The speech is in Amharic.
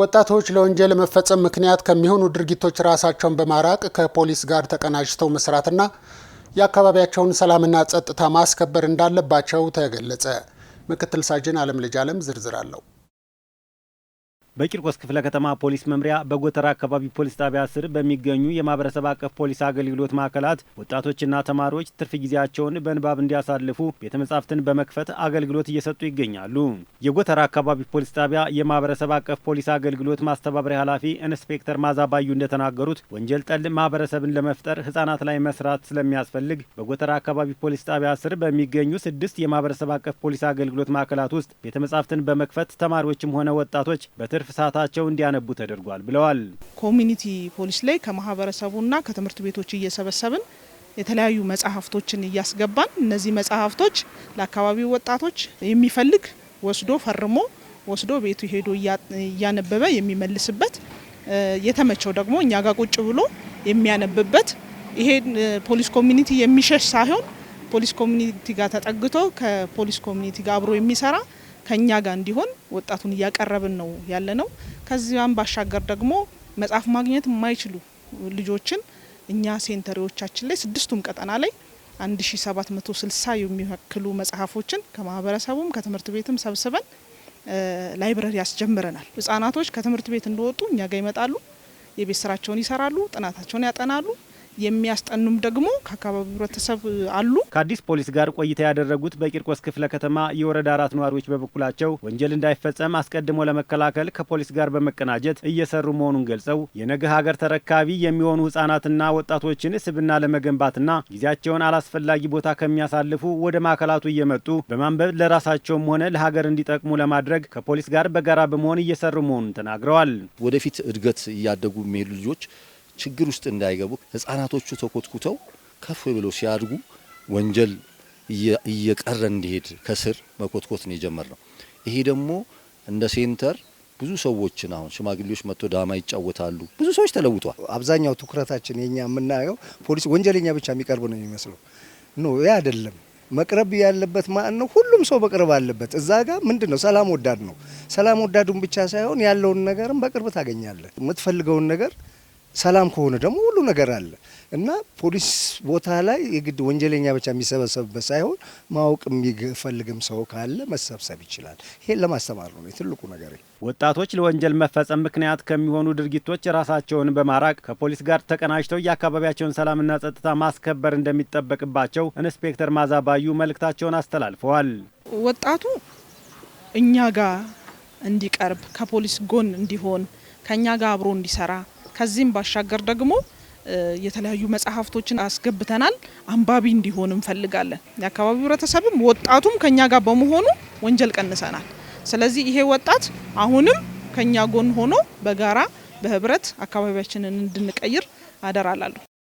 ወጣቶች ለወንጀል መፈጸም ምክንያት ከሚሆኑ ድርጊቶች ራሳቸውን በማራቅ ከፖሊስ ጋር ተቀናጅተው መስራትና የአካባቢያቸውን ሰላምና ጸጥታ ማስከበር እንዳለባቸው ተገለጸ። ምክትል ሳጅን አለም ልጅ አለም ዝርዝር አለው። በቂርቆስ ክፍለ ከተማ ፖሊስ መምሪያ በጎተራ አካባቢ ፖሊስ ጣቢያ ስር በሚገኙ የማህበረሰብ አቀፍ ፖሊስ አገልግሎት ማዕከላት ወጣቶችና ተማሪዎች ትርፍ ጊዜያቸውን በንባብ እንዲያሳልፉ ቤተ መጻሕፍትን በመክፈት አገልግሎት እየሰጡ ይገኛሉ። የጎተራ አካባቢ ፖሊስ ጣቢያ የማህበረሰብ አቀፍ ፖሊስ አገልግሎት ማስተባበሪያ ኃላፊ ኢንስፔክተር ማዛባዩ እንደተናገሩት ወንጀል ጠል ማህበረሰብን ለመፍጠር ህጻናት ላይ መስራት ስለሚያስፈልግ በጎተራ አካባቢ ፖሊስ ጣቢያ ስር በሚገኙ ስድስት የማህበረሰብ አቀፍ ፖሊስ አገልግሎት ማዕከላት ውስጥ ቤተ መጻሕፍትን በመክፈት ተማሪዎችም ሆነ ወጣቶች በትርፍ በትርፍ ሰዓታቸው እንዲያነቡ ተደርጓል ብለዋል። ኮሚኒቲ ፖሊስ ላይ ከማህበረሰቡና ከትምህርት ቤቶች እየሰበሰብን የተለያዩ መጽሐፍቶችን እያስገባን እነዚህ መጽሐፍቶች ለአካባቢው ወጣቶች የሚፈልግ ወስዶ ፈርሞ ወስዶ ቤቱ ሄዶ እያነበበ የሚመልስበት የተመቸው ደግሞ እኛ ጋር ቁጭ ብሎ የሚያነብበት ይሄ ፖሊስ ኮሚኒቲ የሚሸሽ ሳይሆን ፖሊስ ኮሚኒቲ ጋር ተጠግቶ ከፖሊስ ኮሚኒቲ ጋር አብሮ የሚሰራ ከኛ ጋር እንዲሆን ወጣቱን እያቀረብን ነው ያለ ነው። ከዚያም ባሻገር ደግሞ መጽሐፍ ማግኘት የማይችሉ ልጆችን እኛ ሴንተሪዎቻችን ላይ ስድስቱም ቀጠና ላይ 1760 የሚያክሉ መጽሐፎችን ከማህበረሰቡም ከትምህርት ቤትም ሰብስበን ላይብረሪ ያስጀምረናል። ህጻናቶች ከትምህርት ቤት እንደወጡ እኛ ጋር ይመጣሉ፣ የቤት ስራቸውን ይሰራሉ፣ ጥናታቸውን ያጠናሉ። የሚያስጠኑም ደግሞ ከአካባቢው ህብረተሰብ አሉ። ከአዲስ ፖሊስ ጋር ቆይታ ያደረጉት በቂርቆስ ክፍለ ከተማ የወረዳ አራት ነዋሪዎች በበኩላቸው ወንጀል እንዳይፈጸም አስቀድሞ ለመከላከል ከፖሊስ ጋር በመቀናጀት እየሰሩ መሆኑን ገልጸው የነገ ሀገር ተረካቢ የሚሆኑ ህጻናትና ወጣቶችን ስብና ለመገንባትና ጊዜያቸውን አላስፈላጊ ቦታ ከሚያሳልፉ ወደ ማዕከላቱ እየመጡ በማንበብ ለራሳቸውም ሆነ ለሀገር እንዲጠቅሙ ለማድረግ ከፖሊስ ጋር በጋራ በመሆን እየሰሩ መሆኑን ተናግረዋል። ወደፊት እድገት እያደጉ የሚሄዱ ልጆች ችግር ውስጥ እንዳይገቡ ህጻናቶቹ ተኮትኩተው ከፍ ብለው ሲያድጉ ወንጀል እየቀረ እንዲሄድ ከስር መኮትኮት ነው የጀመርነው። ይሄ ደግሞ እንደ ሴንተር ብዙ ሰዎችን አሁን ሽማግሌዎች መጥቶ ዳማ ይጫወታሉ። ብዙ ሰዎች ተለውጧል። አብዛኛው ትኩረታችን የኛ የምናየው ፖሊስ ወንጀለኛ ብቻ የሚቀርብ ነው የሚመስለው። ኖ ያ አይደለም። መቅረብ ያለበት ማን ነው? ሁሉም ሰው መቅረብ አለበት። እዛ ጋር ምንድን ነው ሰላም ወዳድ ነው። ሰላም ወዳዱን ብቻ ሳይሆን ያለውን ነገርም በቅርብ ታገኛለህ። የምትፈልገውን ነገር ሰላም ከሆነ ደግሞ ሁሉ ነገር አለ እና ፖሊስ ቦታ ላይ የግድ ወንጀለኛ ብቻ የሚሰበሰብበት ሳይሆን ማወቅ የሚፈልግም ሰው ካለ መሰብሰብ ይችላል። ይሄን ለማስተማር ነው ትልቁ ነገር። ወጣቶች ለወንጀል መፈጸም ምክንያት ከሚሆኑ ድርጊቶች ራሳቸውን በማራቅ ከፖሊስ ጋር ተቀናጅተው የአካባቢያቸውን ሰላምና ጸጥታ ማስከበር እንደሚጠበቅባቸው ኢንስፔክተር ማዛባዩ መልእክታቸውን አስተላልፈዋል። ወጣቱ እኛ ጋር እንዲቀርብ ከፖሊስ ጎን እንዲሆን ከእኛ ጋር አብሮ እንዲሰራ ከዚህም ባሻገር ደግሞ የተለያዩ መጽሐፍቶችን አስገብተናል። አንባቢ እንዲሆን እንፈልጋለን። የአካባቢው ህብረተሰብም ወጣቱም ከኛ ጋር በመሆኑ ወንጀል ቀንሰናል። ስለዚህ ይሄ ወጣት አሁንም ከኛ ጎን ሆኖ በጋራ በህብረት አካባቢያችንን እንድንቀይር አደራላሉ።